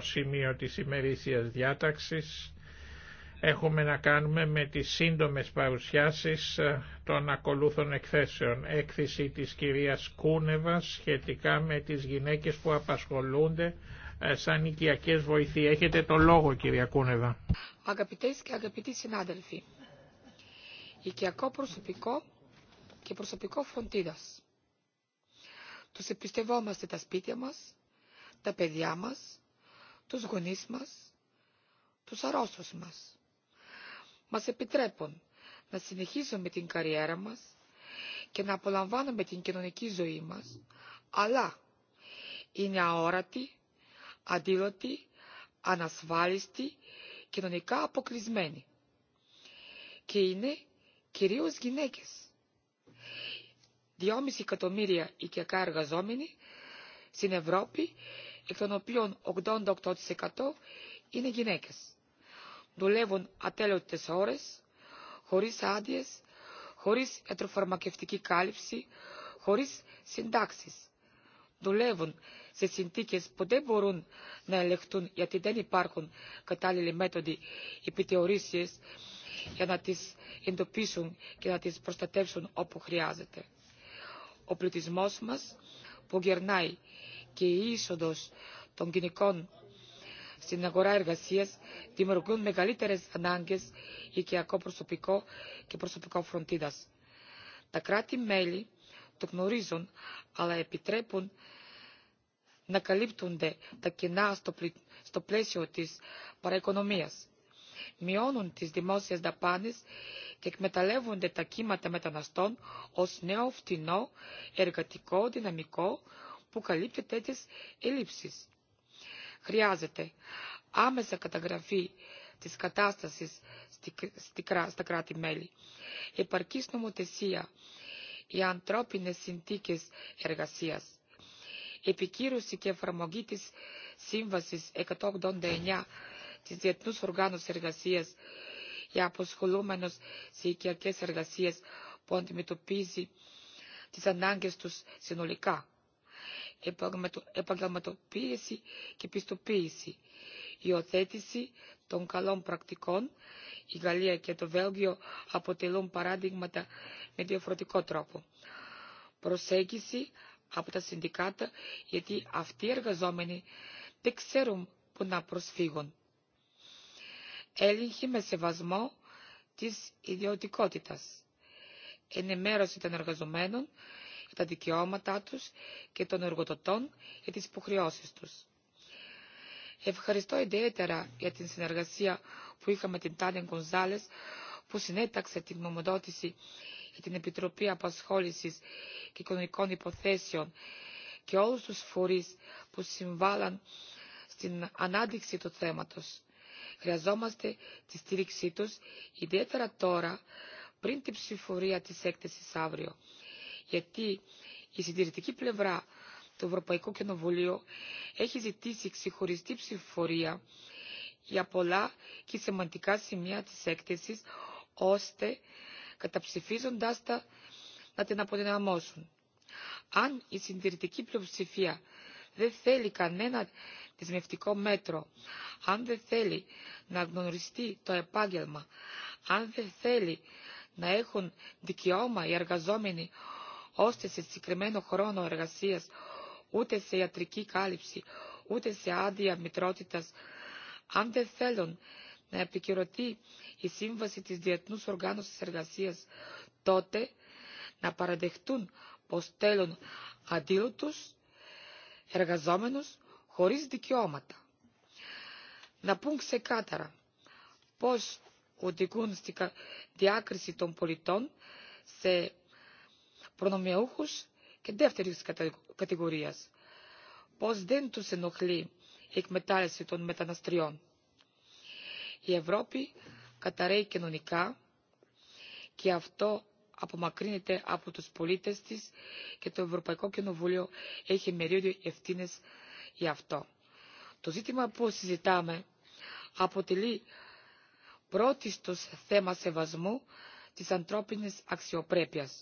σημείο της ημερήσιας διάταξης έχουμε να κάνουμε με τις σύντομες παρουσιάσεις ε, των ακολούθων εκθέσεων. Έκθεση της κυρίας Κούνεβα σχετικά με τις γυναίκες που απασχολούνται ε, σαν οικιακές βοηθοί. Έχετε το λόγο κυρία Κούνεβα. Αγαπητές και αγαπητοί συνάδελφοι, οικιακό προσωπικό και προσωπικό φροντίδας. Τους επιστευόμαστε τα σπίτια μας, τα παιδιά μας, τους γονείς μας, τους αρρώστους μας. Μας επιτρέπουν να συνεχίσουμε την καριέρα μας και να απολαμβάνουμε την κοινωνική ζωή μας, αλλά είναι αόρατοι, αντίλωτοι, ανασφάλιστοι, κοινωνικά αποκλεισμένοι. Και είναι κυρίως γυναίκες. 2,5 εκατομμύρια οικιακά εργαζόμενοι στην Ευρώπη εκ των οποίων 88% είναι γυναίκες. Δουλεύουν ατέλειωτες ώρες, χωρίς άδειες, χωρίς ετροφαρμακευτική κάλυψη, χωρίς συντάξεις. Δουλεύουν σε συνθήκες που δεν μπορούν να ελεγχθούν γιατί δεν υπάρχουν κατάλληλοι μέθοδοι επιτεωρήσεις για να τις εντοπίσουν και να τις προστατεύσουν όπου χρειάζεται. Ο πληθυσμός μας που γερνάει και η είσοδο των γυναικών στην αγορά εργασία δημιουργούν μεγαλύτερες ανάγκε οικιακό προσωπικό και προσωπικό φροντίδα. Τα κράτη-μέλη το γνωρίζουν, αλλά επιτρέπουν να καλύπτονται τα κενά στο πλαίσιο της παραοικονομία. Μειώνουν τις δημόσιε δαπάνε και εκμεταλλεύονται τα κύματα μεταναστών ω νέο φτηνό εργατικό δυναμικό που καλύπτει τέτοιε ελλείψεις. Χρειάζεται άμεσα καταγραφή της κατάστασης στα κράτη-μέλη, επαρκής νομοθεσία για ανθρώπινες συνθήκες εργασίας, επικύρωση και εφαρμογή της Σύμβασης 189 της Διεθνούς Οργάνωσης Εργασίας για αποσχολούμενους σε οικιακές εργασίες που αντιμετωπίζει τις ανάγκε τους συνολικά επαγγελματοποίηση και πιστοποίηση. Η οθέτηση των καλών πρακτικών, η Γαλλία και το Βέλγιο αποτελούν παράδειγματα με διαφορετικό τρόπο. Προσέγγιση από τα συνδικάτα, γιατί αυτοί οι εργαζόμενοι δεν ξέρουν που να προσφύγουν. Έλεγχη με σεβασμό της ιδιωτικότητας. Ενημέρωση των εργαζομένων τα δικαιώματά τους και των εργοδοτών για τις υποχρεώσεις τους. Ευχαριστώ ιδιαίτερα για την συνεργασία που είχαμε την Τάνια Γκονζάλες που συνέταξε την νομοδότηση για την Επιτροπή Απασχόλησης και Οικονομικών Υποθέσεων και όλους τους φορείς που συμβάλλαν στην ανάδειξη του θέματος. Χρειαζόμαστε τη στήριξή τους, ιδιαίτερα τώρα, πριν την ψηφορία της έκθεσης αύριο γιατί η συντηρητική πλευρά του Ευρωπαϊκού Κοινοβουλίου έχει ζητήσει ξεχωριστή ψηφοφορία για πολλά και σημαντικά σημεία της έκθεσης, ώστε καταψηφίζοντάς τα να την αποδυναμώσουν. Αν η συντηρητική πλειοψηφία δεν θέλει κανένα δεσμευτικό μέτρο, αν δεν θέλει να γνωριστεί το επάγγελμα, αν δεν θέλει να έχουν δικαιώμα οι εργαζόμενοι ώστε σε συγκεκριμένο χρόνο εργασία, ούτε σε ιατρική κάλυψη, ούτε σε άδεια μητρότητα, αν δεν θέλουν να επικυρωθεί η σύμβαση της Διεθνούς Οργάνωσης Εργασίας, τότε να παραδεχτούν πως θέλουν αντίλωτους εργαζόμενους χωρίς δικαιώματα. Να πούν ξεκάθαρα πως οδηγούν στη διάκριση των πολιτών σε προνομιούχους και δεύτερης κατηγορίας, πως δεν τους ενοχλεί η εκμετάλλευση των μεταναστριών. Η Ευρώπη καταραίει κοινωνικά και αυτό απομακρύνεται από τους πολίτες της και το Ευρωπαϊκό Κοινοβούλιο έχει μερίδιο ευθύνες γι' αυτό. Το ζήτημα που συζητάμε αποτελεί πρώτιστος θέμα σεβασμού της ανθρώπινης αξιοπρέπειας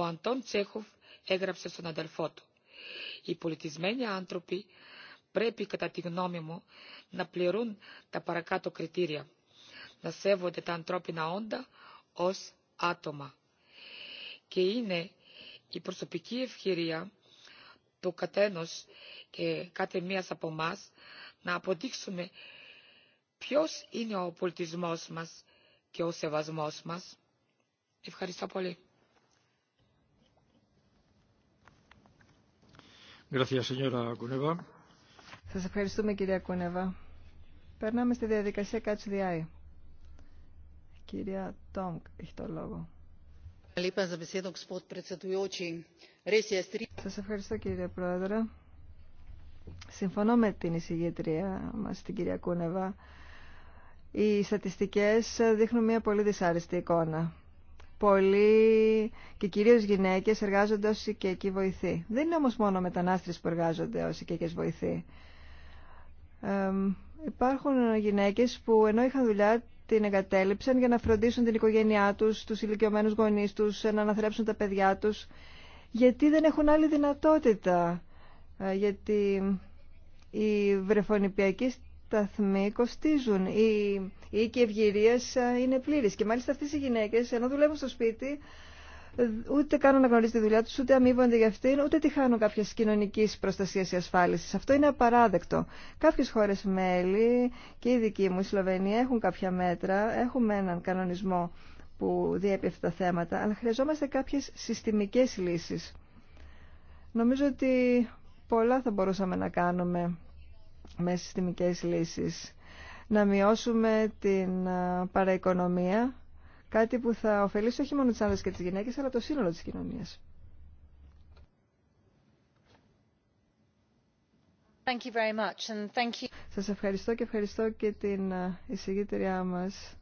ο Αντών Τσέχοφ έγραψε στον αδελφό του. Οι πολιτισμένοι άνθρωποι πρέπει κατά τη γνώμη μου να πληρούν τα παρακάτω κριτήρια. Να σέβονται τα ανθρώπινα όντα ως άτομα. Και είναι η προσωπική ευκαιρία του κατένος και κάθε μίας από εμά να αποδείξουμε ποιος είναι ο πολιτισμός μας και ο σεβασμός μας. Ευχαριστώ πολύ. Σας ευχαριστούμε κυρία Κούνεβα. Περνάμε στη διαδικασία Catch the Eye. Κυρία Τόμκ έχει το λόγο. Σας ευχαριστώ κύριε Πρόεδρε. Συμφωνώ με την εισηγήτρια μας, την κυρία Κούνεβα. Οι στατιστικές δείχνουν μια πολύ δυσάρεστη εικόνα πολλοί και κυρίως γυναίκες εργάζονται ως οικιακοί βοηθή. Δεν είναι όμως μόνο μετανάστες που εργάζονται ως οικιακές βοηθή. Ε, υπάρχουν γυναίκες που ενώ είχαν δουλειά την εγκατέλειψαν για να φροντίσουν την οικογένειά τους, τους ηλικιωμένους γονείς τους, ε, να αναθρέψουν τα παιδιά τους, γιατί δεν έχουν άλλη δυνατότητα. Ε, γιατί η βρεφονιπιακή σταθμοί κοστίζουν. Οι, η ευγυρία ε, είναι πλήρε. Και μάλιστα αυτέ οι γυναίκε, ενώ δουλεύουν στο σπίτι, ούτε κάνουν να γνωρίζει τη δουλειά του, ούτε αμείβονται για αυτήν, ούτε τη χάνουν κάποια κοινωνική προστασία ή ασφάλιση. Αυτό είναι απαράδεκτο. Κάποιε χώρε μέλη και η δική μου, η Σλοβενία, έχουν κάποια μέτρα, έχουμε έναν κανονισμό που διέπει αυτά τα θέματα, αλλά χρειαζόμαστε κάποιε συστημικέ λύσει. Νομίζω ότι πολλά θα μπορούσαμε να κάνουμε με συστημικές λύσεις. Να μειώσουμε την παραοικονομία, κάτι που θα ωφελήσει όχι μόνο τις άνδρες και τις γυναίκες, αλλά το σύνολο της κοινωνίας. Thank you very much and thank you. Σας ευχαριστώ και ευχαριστώ και την εισηγήτριά μας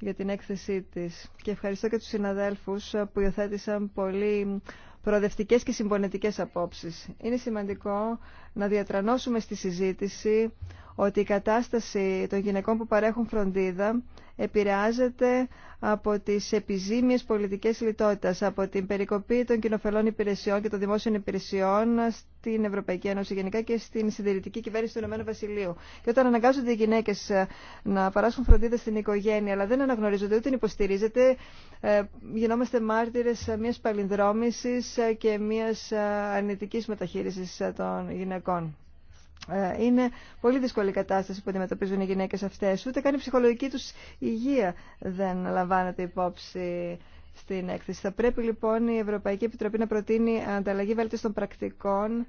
για την έκθεσή της και ευχαριστώ και τους συναδέλφους που υιοθέτησαν πολύ προοδευτικές και συμπονετικές απόψεις. Είναι σημαντικό να διατρανώσουμε στη συζήτηση ότι η κατάσταση των γυναικών που παρέχουν φροντίδα επηρεάζεται από τις επιζήμιες πολιτικές λιτότητας, από την περικοπή των κοινοφελών υπηρεσιών και των δημόσιων υπηρεσιών στην Ευρωπαϊκή Ένωση γενικά και στην συντηρητική κυβέρνηση του Ηνωμένου Βασιλείου. Και όταν αναγκάζονται οι γυναίκες ε, να παράσχουν φροντίδα στην οικογένεια, αλλά δεν αναγνωρίζονται ούτε υποστηρίζεται, ε, γινόμαστε μάρτυρες μιας παλινδρόμησης ε, και μιας ε, αρνητικής μεταχείρισης ε, των γυναικών. Είναι πολύ δύσκολη η κατάσταση που αντιμετωπίζουν οι γυναίκες αυτές. Ούτε καν η ψυχολογική τους υγεία δεν λαμβάνεται υπόψη στην έκθεση. Θα πρέπει λοιπόν η Ευρωπαϊκή Επιτροπή να προτείνει ανταλλαγή βέλτιστων των πρακτικών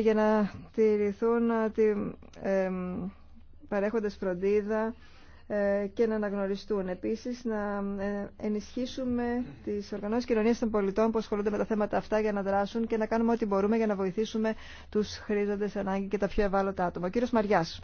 για να τηρηθούν ότι παρέχοντας φροντίδα ε, και να αναγνωριστούν. Επίσης, να ε, ενισχύσουμε τις οργανώσεις κοινωνίας των πολιτών που ασχολούνται με τα θέματα αυτά για να δράσουν και να κάνουμε ό,τι μπορούμε για να βοηθήσουμε τους χρήζοντες ανάγκη και τα πιο ευάλωτα άτομα. κύριος Μαριάς.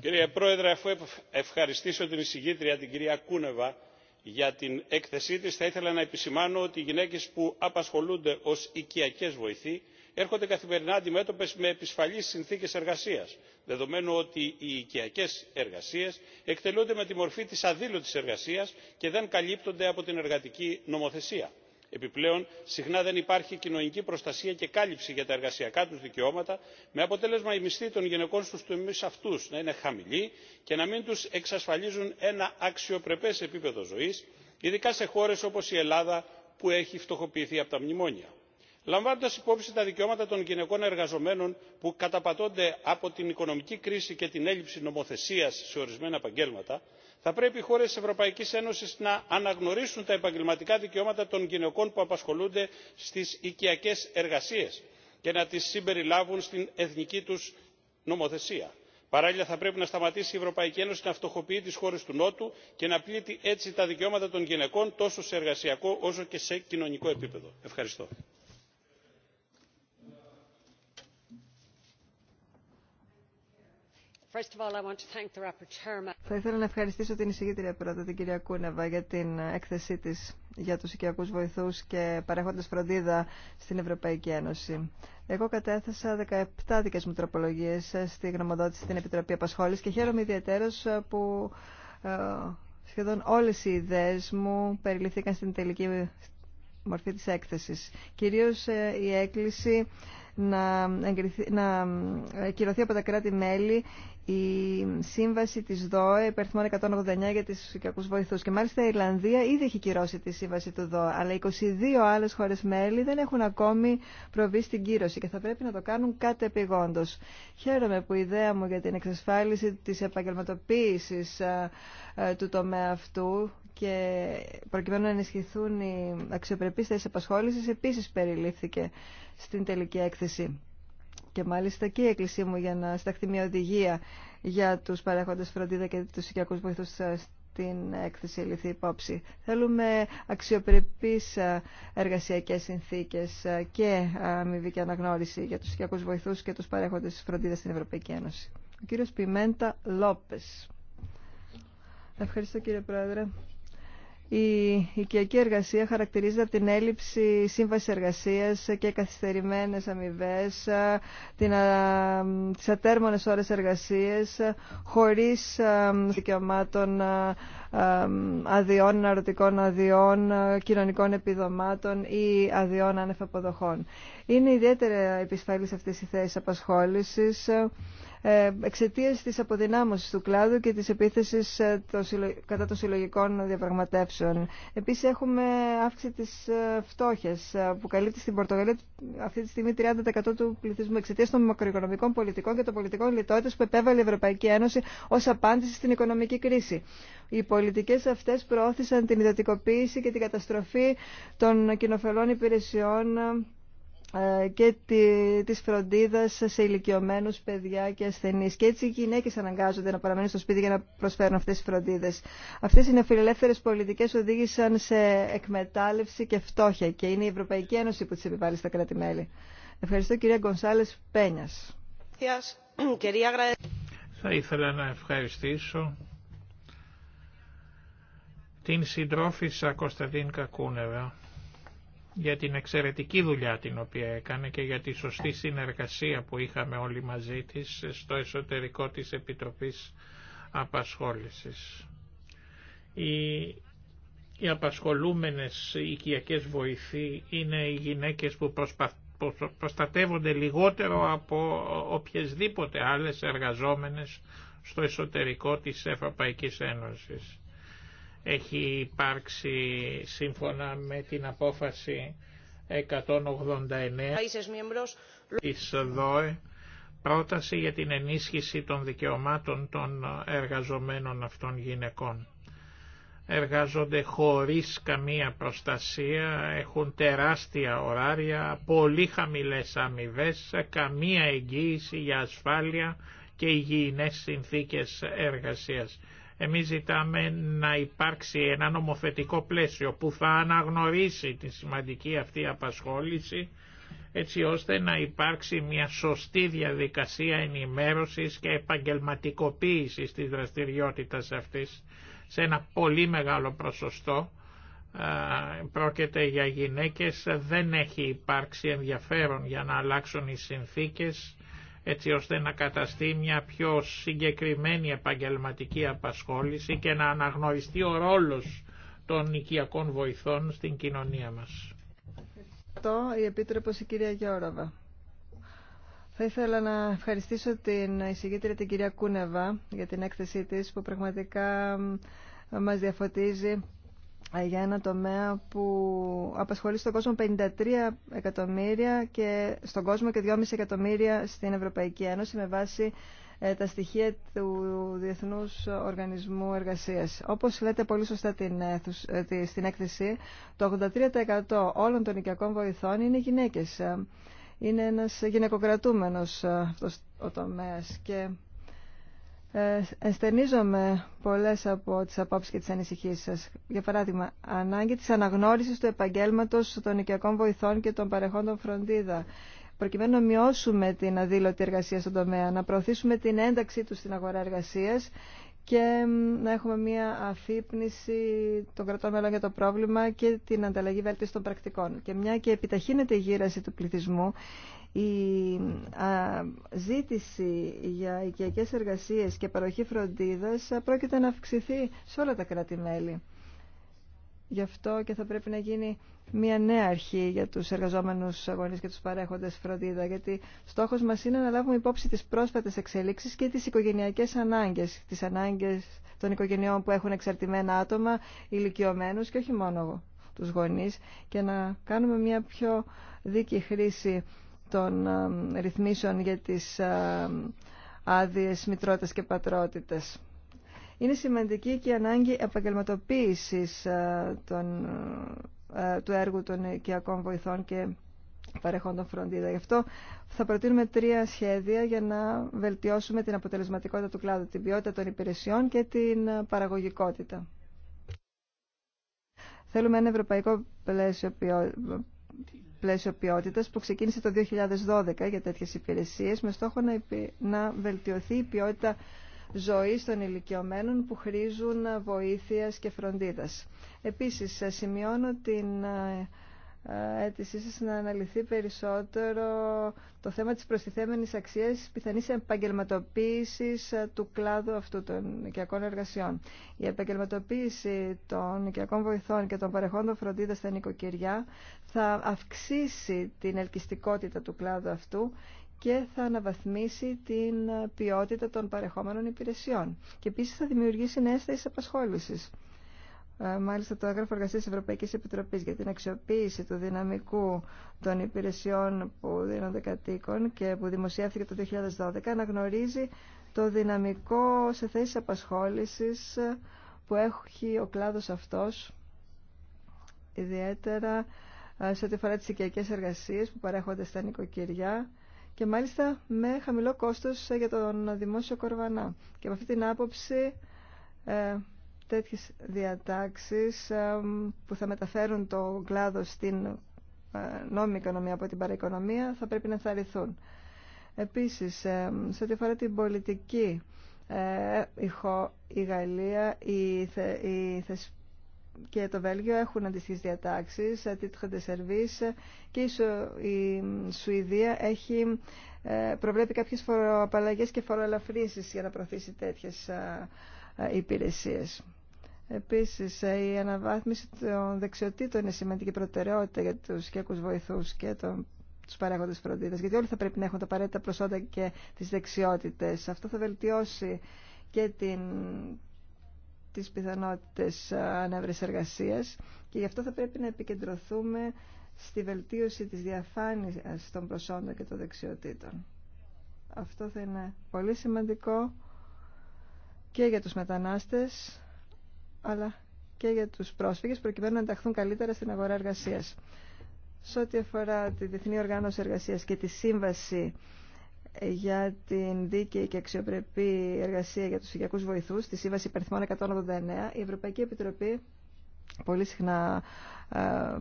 Κύριε Πρόεδρε, αφού ευχαριστήσω την εισηγήτρια, την κυρία Κούνεβα, για την έκθεσή της, θα ήθελα να επισημάνω ότι οι γυναίκες που απασχολούνται ως οικιακές βοηθοί έρχονται καθημερινά αντιμέτωπες με επισφαλείς συνθήκες εργασίας δεδομένου ότι οι οικιακές εργασίες εκτελούνται με τη μορφή της αδήλωτης εργασίας και δεν καλύπτονται από την εργατική νομοθεσία. επιπλέον συχνά δεν υπάρχει κοινωνική προστασία και κάλυψη για τα εργασιακά τους δικαιώματα με αποτέλεσμα οι μισθοί των γυναικών στους τομείς αυτούς να είναι χαμηλοί και να μην τους εξασφαλίζουν ένα αξιοπρεπές επίπεδο ζωής ειδικά σε χώρες όπως η ελλάδα που έχει φτωχοποιηθεί από τα μνημόνια λαμβάνοντα υπόψη τα δικαιώματα των γυναικών εργαζομένων που καταπατώνται από την οικονομική κρίση και την έλλειψη νομοθεσία σε ορισμένα επαγγέλματα θα πρέπει οι χώρε τη ευρωπαϊκή ένωση να αναγνωρίσουν τα επαγγελματικά δικαιώματα των γυναικών που απασχολούνται στι οικιακέ εργασίε και να τι συμπεριλάβουν στην εθνική του νομοθεσία. παράλληλα θα πρέπει να σταματήσει η ευρωπαϊκή ένωση να φτωχοποιεί τι χώρε του νότου και να πλήττει έτσι τα δικαιώματα των γυναικών τόσο σε εργασιακό όσο και σε κοινωνικό επίπεδο. ευχαριστώ. Θα ήθελα να ευχαριστήσω την εισηγήτρια πρώτα, την κυρία Κούνεβα, για την έκθεσή της για τους οικιακούς βοηθούς και παρέχοντας φροντίδα στην Ευρωπαϊκή Ένωση. Εγώ κατέθεσα 17 δικές μου τροπολογίες στη γνωμοδότηση στην Επιτροπή Απασχόλης και χαίρομαι ιδιαίτερως που ε, σχεδόν όλες οι ιδέες μου περιληφθήκαν στην τελική μορφή της έκθεσης. Κυρίως ε, η έκκληση να, εγκριθεί, να ε, κυρωθεί από τα κράτη-μέλη η σύμβαση της ΔΟΕ υπερθμών 189 για τις κακούς βοηθούς. Και μάλιστα η Ιρλανδία ήδη έχει κυρώσει τη σύμβαση του ΔΟΕ, αλλά 22 άλλες χώρες μέλη δεν έχουν ακόμη προβεί στην κύρωση και θα πρέπει να το κάνουν επιγόντως. Χαίρομαι που η ιδέα μου για την εξασφάλιση της επαγγελματοποίησης ε, του τομέα αυτού και προκειμένου να ενισχυθούν οι αξιοπρεπείς θέσεις επασχόλησης επίσης περιλήφθηκε στην τελική έκθεση. Και μάλιστα και η έκκλησή μου για να σταχθεί μια οδηγία για τους παρέχοντες φροντίδα και τους οικιακούς βοηθούς στην έκθεση λυθεί υπόψη. Θέλουμε αξιοπρεπείς ε, εργασιακές συνθήκες ε, και αμοιβή και αναγνώριση για τους οικιακούς βοηθούς και τους παρέχοντες φροντίδα στην Ευρωπαϊκή Ένωση. Ο κύριος Πιμέντα Λόπες. Ευχαριστώ κύριε Πρόεδρε. Η οικιακή εργασία χαρακτηρίζεται από την έλλειψη σύμβαση εργασίας και καθυστερημένες αμοιβέ, τις ατέρμονες ώρες εργασίας, χωρίς δικαιωμάτων αδειών, αρωτικών αδειών, κοινωνικών επιδομάτων ή αδειών άνευ αποδοχών. Είναι ιδιαίτερα επισφαλής αυτές οι θέση απασχόλησης ε, εξαιτία τη αποδυνάμωσης του κλάδου και τη επίθεση ε, κατά των συλλογικών διαπραγματεύσεων. Επίση έχουμε αύξηση της ε, φτώχειας που καλύπτει στην Πορτογαλία αυτή τη στιγμή 30% του πληθυσμού εξαιτία των μακροοικονομικών πολιτικών και των πολιτικών λιτότητα που επέβαλε η Ευρωπαϊκή Ένωση ω απάντηση στην οικονομική κρίση. Οι πολιτικέ αυτέ προώθησαν την ιδιωτικοποίηση και την καταστροφή των κοινοφελών υπηρεσιών ε, και τη, της σε ηλικιωμένους παιδιά και ασθενείς. Και έτσι οι γυναίκες αναγκάζονται να παραμένουν στο σπίτι για να προσφέρουν αυτές τις φροντίδες. Αυτές οι νεοφιλελεύθερες πολιτικές οδήγησαν σε εκμετάλλευση και φτώχεια και είναι η Ευρωπαϊκή Ένωση που τις επιβάλλει στα κράτη-μέλη. Ευχαριστώ κυρία Γκονσάλες Πένιας. Θα ήθελα να ευχαριστήσω την συντρόφισσα Κωνσταντίν Κακούνερα για την εξαιρετική δουλειά την οποία έκανε και για τη σωστή συνεργασία που είχαμε όλοι μαζί της στο εσωτερικό της Επιτροπής Απασχόλησης. Οι, οι απασχολούμενες οικιακές βοηθοί είναι οι γυναίκες που προστατεύονται λιγότερο από οποιασδήποτε άλλες εργαζόμενες στο εσωτερικό της Ευρωπαϊκής Ένωσης έχει υπάρξει σύμφωνα με την απόφαση 189 της ΔΟΕ πρόταση για την ενίσχυση των δικαιωμάτων των εργαζομένων αυτών γυναικών. Εργάζονται χωρίς καμία προστασία, έχουν τεράστια ωράρια, πολύ χαμηλές αμοιβέ, καμία εγγύηση για ασφάλεια και υγιεινές συνθήκες εργασίας. Εμείς ζητάμε να υπάρξει ένα νομοθετικό πλαίσιο που θα αναγνωρίσει τη σημαντική αυτή απασχόληση έτσι ώστε να υπάρξει μια σωστή διαδικασία ενημέρωσης και επαγγελματικοποίησης της δραστηριότητας αυτής σε ένα πολύ μεγάλο προσωστό. Πρόκειται για γυναίκες, δεν έχει υπάρξει ενδιαφέρον για να αλλάξουν οι συνθήκες έτσι ώστε να καταστεί μια πιο συγκεκριμένη επαγγελματική απασχόληση και να αναγνωριστεί ο ρόλος των οικιακών βοηθών στην κοινωνία μας. Το η Επίτροπος η κυρία Γιώροβα. Θα ήθελα να ευχαριστήσω την εισηγήτρια την κυρία Κούνεβα για την έκθεσή της που πραγματικά μας διαφωτίζει ε, για ένα τομέα που απασχολεί στον κόσμο 53 εκατομμύρια και στον κόσμο και 2,5 εκατομμύρια στην Ευρωπαϊκή Ένωση με βάση ε, τα στοιχεία του Διεθνούς Οργανισμού Εργασίας. Όπως λέτε πολύ σωστά ε, στην έκθεση, το 83% όλων των οικιακών βοηθών είναι γυναίκες. Είναι ένας γυναικοκρατούμενος αυτός ο τομέας και ε, Εστερνίζομαι πολλές από τις απόψεις και τις ανησυχίες σας. Για παράδειγμα, ανάγκη της αναγνώρισης του επαγγέλματος των οικιακών βοηθών και των παρεχόντων φροντίδα. Προκειμένου να μειώσουμε την αδήλωτη εργασία στον τομέα, να προωθήσουμε την ένταξή του στην αγορά εργασίας και να έχουμε μια αφύπνιση των κρατών μελών για το πρόβλημα και την ανταλλαγή βέλτιση των πρακτικών. Και μια και επιταχύνεται η γύραση του πληθυσμού, η ζήτηση για οικιακές εργασίες και παροχή φροντίδας πρόκειται να αυξηθεί σε όλα τα κράτη-μέλη. Γι' αυτό και θα πρέπει να γίνει μια νέα αρχή για τους εργαζόμενους αγωνίες και τους παρέχοντες φροντίδα, γιατί στόχος μας είναι να λάβουμε υπόψη τις πρόσφατες εξελίξεις και τις οικογενειακές ανάγκες, τις ανάγκες των οικογενειών που έχουν εξαρτημένα άτομα, ηλικιωμένους και όχι μόνο τους γονείς, και να κάνουμε μια πιο δίκη χρήση των ε, ρυθμίσεων για τις ε, άδειες μητρότητας και πατρότητας. Είναι σημαντική και η ανάγκη επαγγελματοποίησης ε, του έργου των οικιακών βοηθών και παρεχόντων φροντίδα. Γι' αυτό θα προτείνουμε τρία σχέδια για να βελτιώσουμε την αποτελεσματικότητα του κλάδου, την ποιότητα των υπηρεσιών και την παραγωγικότητα. Θέλουμε ένα ευρωπαϊκό πλαίσιο πλαίσιο που ξεκίνησε το 2012 για τέτοιε υπηρεσίες με στόχο να, να βελτιωθεί η ποιότητα ζωής των ηλικιωμένων που χρήζουν βοήθειας και φροντίδας. Επίσης, σημειώνω την ε, ε, αίτησή σας να αναλυθεί περισσότερο το θέμα της προστιθέμενης αξίας της πιθανής επαγγελματοποίησης ε, του κλάδου αυτού των οικιακών εργασιών. Η επαγγελματοποίηση των οικιακών βοηθών και των παρεχόντων φροντίδα στα νοικοκυριά θα αυξήσει την ελκυστικότητα του κλάδου αυτού και θα αναβαθμίσει την ποιότητα των παρεχόμενων υπηρεσιών. Και επίσης θα δημιουργήσει νέες θέσεις απασχόλησης. Ε, μάλιστα το έγγραφο εργασία τη Ευρωπαϊκή Επιτροπή για την αξιοποίηση του δυναμικού των υπηρεσιών που δίνονται κατοίκων και που δημοσιεύθηκε το 2012 αναγνωρίζει το δυναμικό σε θέση απασχόληση που έχει ο κλάδο αυτό, ιδιαίτερα ε, σε ό,τι αφορά τι οικιακέ εργασίε που παρέχονται στα νοικοκυριά και μάλιστα με χαμηλό κόστος ε, για τον δημόσιο κορβανά. Και από αυτή την άποψη τέτοιες διατάξεις που θα μεταφέρουν το κλάδο στην ε, νόμιμη οικονομία από την παραοικονομία θα πρέπει να ενθαρρυνθούν. Επίσης, σε ό,τι αφορά την πολιτική, ε, ε, η Γαλλία η και το Βέλγιο έχουν αντιστοιχείς διατάξεις, αντίστοιχα σερβίς και η Σουηδία έχει προβλέπει κάποιες φοροαπαλλαγές και φοροελαφρύνσεις για να προωθήσει τέτοιες ε, υπηρεσίες. Επίσης, ε, η αναβάθμιση των δεξιοτήτων είναι σημαντική προτεραιότητα για τους οικιακούς βοηθούς και τον τους παράγοντες φροντίδας, γιατί όλοι θα πρέπει να έχουν τα απαραίτητα προσόντα και τις δεξιότητες. Αυτό θα βελτιώσει και την, τις πιθανότητες ε, ανέβρες εργασίας και γι' αυτό θα πρέπει να επικεντρωθούμε στη βελτίωση της διαφάνειας των προσόντων και των δεξιοτήτων. Αυτό θα είναι πολύ σημαντικό και για τους μετανάστες αλλά και για τους πρόσφυγες προκειμένου να ενταχθούν καλύτερα στην αγορά εργασίας. Σε ό,τι αφορά τη Διεθνή Οργάνωση Εργασίας και τη Σύμβαση για την δίκαιη και αξιοπρεπή εργασία για τους οικιακούς βοηθούς, τη Σύμβαση Περιθμών 189, η Ευρωπαϊκή Επιτροπή πολύ συχνά ε,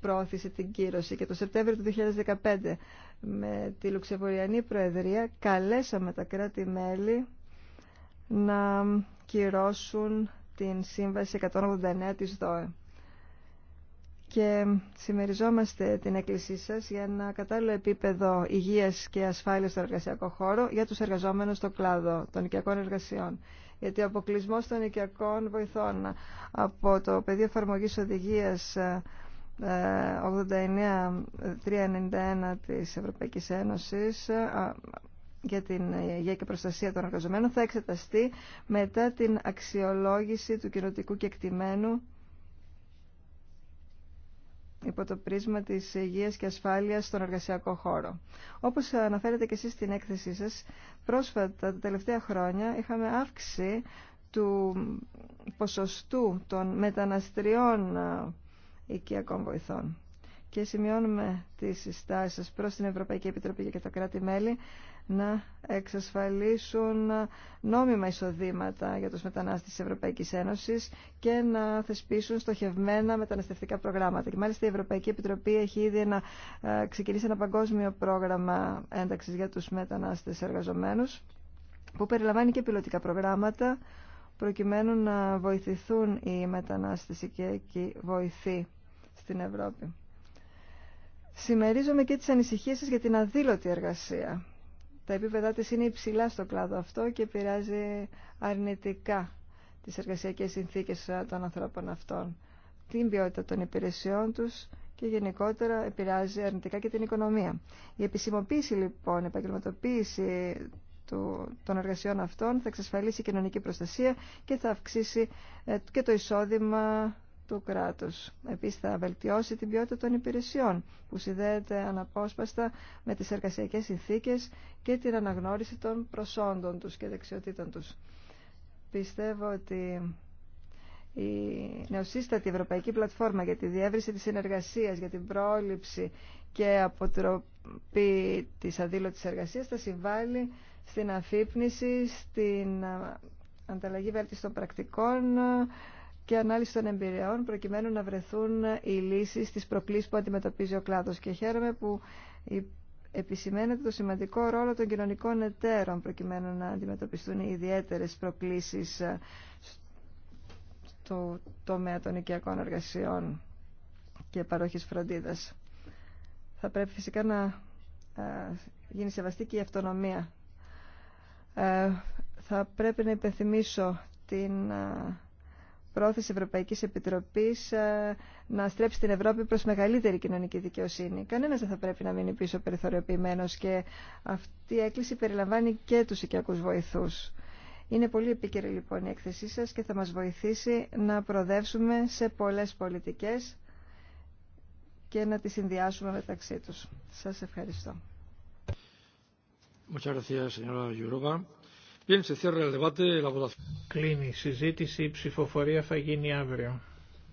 προώθησε την κύρωση και το Σεπτέμβριο του 2015 με τη Λουξεμβουριανή Προεδρία καλέσαμε τα κράτη-μέλη να κυρώσουν την Σύμβαση 189 της ΔΟΕ. Και συμμεριζόμαστε την έκκλησή σας για ένα κατάλληλο επίπεδο υγείας και ασφάλειας στο εργασιακό χώρο για τους εργαζόμενους στο κλάδο των οικιακών εργασιών. Γιατί ο αποκλεισμό των οικιακών βοηθών από το πεδίο εφαρμογή οδηγία 89-391 της Ευρωπαϊκής Ένωσης ε, για την υγεία και προστασία των εργαζομένων θα εξεταστεί μετά την αξιολόγηση του κοινοτικού κεκτημένου υπό το πρίσμα της υγείας και ασφάλειας στον εργασιακό χώρο. Όπως αναφέρετε και εσείς στην έκθεσή σας, πρόσφατα τα τελευταία χρόνια είχαμε αύξηση του ποσοστού των μεταναστριών ε, οικιακών βοηθών. Και σημειώνουμε τις συστάσεις προς την Ευρωπαϊκή Επιτροπή και τα κράτη-μέλη να εξασφαλίσουν νόμιμα εισοδήματα για τους μετανάστες της Ευρωπαϊκής Ένωσης και να θεσπίσουν στοχευμένα μεταναστευτικά προγράμματα. Και μάλιστα η Ευρωπαϊκή Επιτροπή έχει ήδη ένα, ε, ξεκινήσει ένα παγκόσμιο πρόγραμμα ένταξης για τους μετανάστες εργαζομένους που περιλαμβάνει και πιλωτικά προγράμματα προκειμένου να βοηθηθούν οι μετανάστες και οι βοηθοί στην Ευρώπη. Σημερίζομαι και τις ανησυχίες σας για την αδήλωτη εργασία τα επίπεδα της είναι υψηλά στο κλάδο αυτό και επηρεάζει αρνητικά τις εργασιακές συνθήκες των ανθρώπων αυτών, την ποιότητα των υπηρεσιών τους και γενικότερα επηρεάζει αρνητικά και την οικονομία. Η επισημοποίηση λοιπόν, η επαγγελματοποίηση των εργασιών αυτών θα εξασφαλίσει κοινωνική προστασία και θα αυξήσει ε, και το εισόδημα του κράτους. Επίσης θα βελτιώσει την ποιότητα των υπηρεσιών που συνδέεται αναπόσπαστα με τις εργασιακές συνθήκες και την αναγνώριση των προσόντων τους και δεξιοτήτων τους. Πιστεύω ότι η νεοσύστατη Ευρωπαϊκή Πλατφόρμα για τη διεύρυνση της συνεργασίας, για την πρόληψη και αποτροπή της αδήλωτης εργασίας θα συμβάλλει στην αφύπνιση, στην ανταλλαγή βέλτιστων πρακτικών, και ανάλυση των εμπειριών προκειμένου να βρεθούν οι λύσεις στις προκλήσεις που αντιμετωπίζει ο κλάδος. Και χαίρομαι που επισημαίνεται το σημαντικό ρόλο των κοινωνικών εταίρων προκειμένου να αντιμετωπιστούν οι ιδιαίτερες προκλήσεις ε, στο τομέα των οικιακών εργασιών και παρόχης φροντίδας. Θα πρέπει φυσικά να ε, γίνει σεβαστή και η αυτονομία. Ε, θα πρέπει να υπενθυμίσω την πρόθεση Ευρωπαϊκής Επιτροπής ε, να στρέψει την Ευρώπη προς μεγαλύτερη κοινωνική δικαιοσύνη. Κανένας δεν θα πρέπει να μείνει πίσω περιθωριοποιημένος και αυτή η έκκληση περιλαμβάνει και τους οικιακούς βοηθούς. Είναι πολύ επίκαιρη λοιπόν η έκθεσή σας και θα μας βοηθήσει να προδεύσουμε σε πολλές πολιτικές και να τις συνδυάσουμε μεταξύ τους. Σας ευχαριστώ. Κλείνει η συζήτηση, η ψηφοφορία θα γίνει αύριο.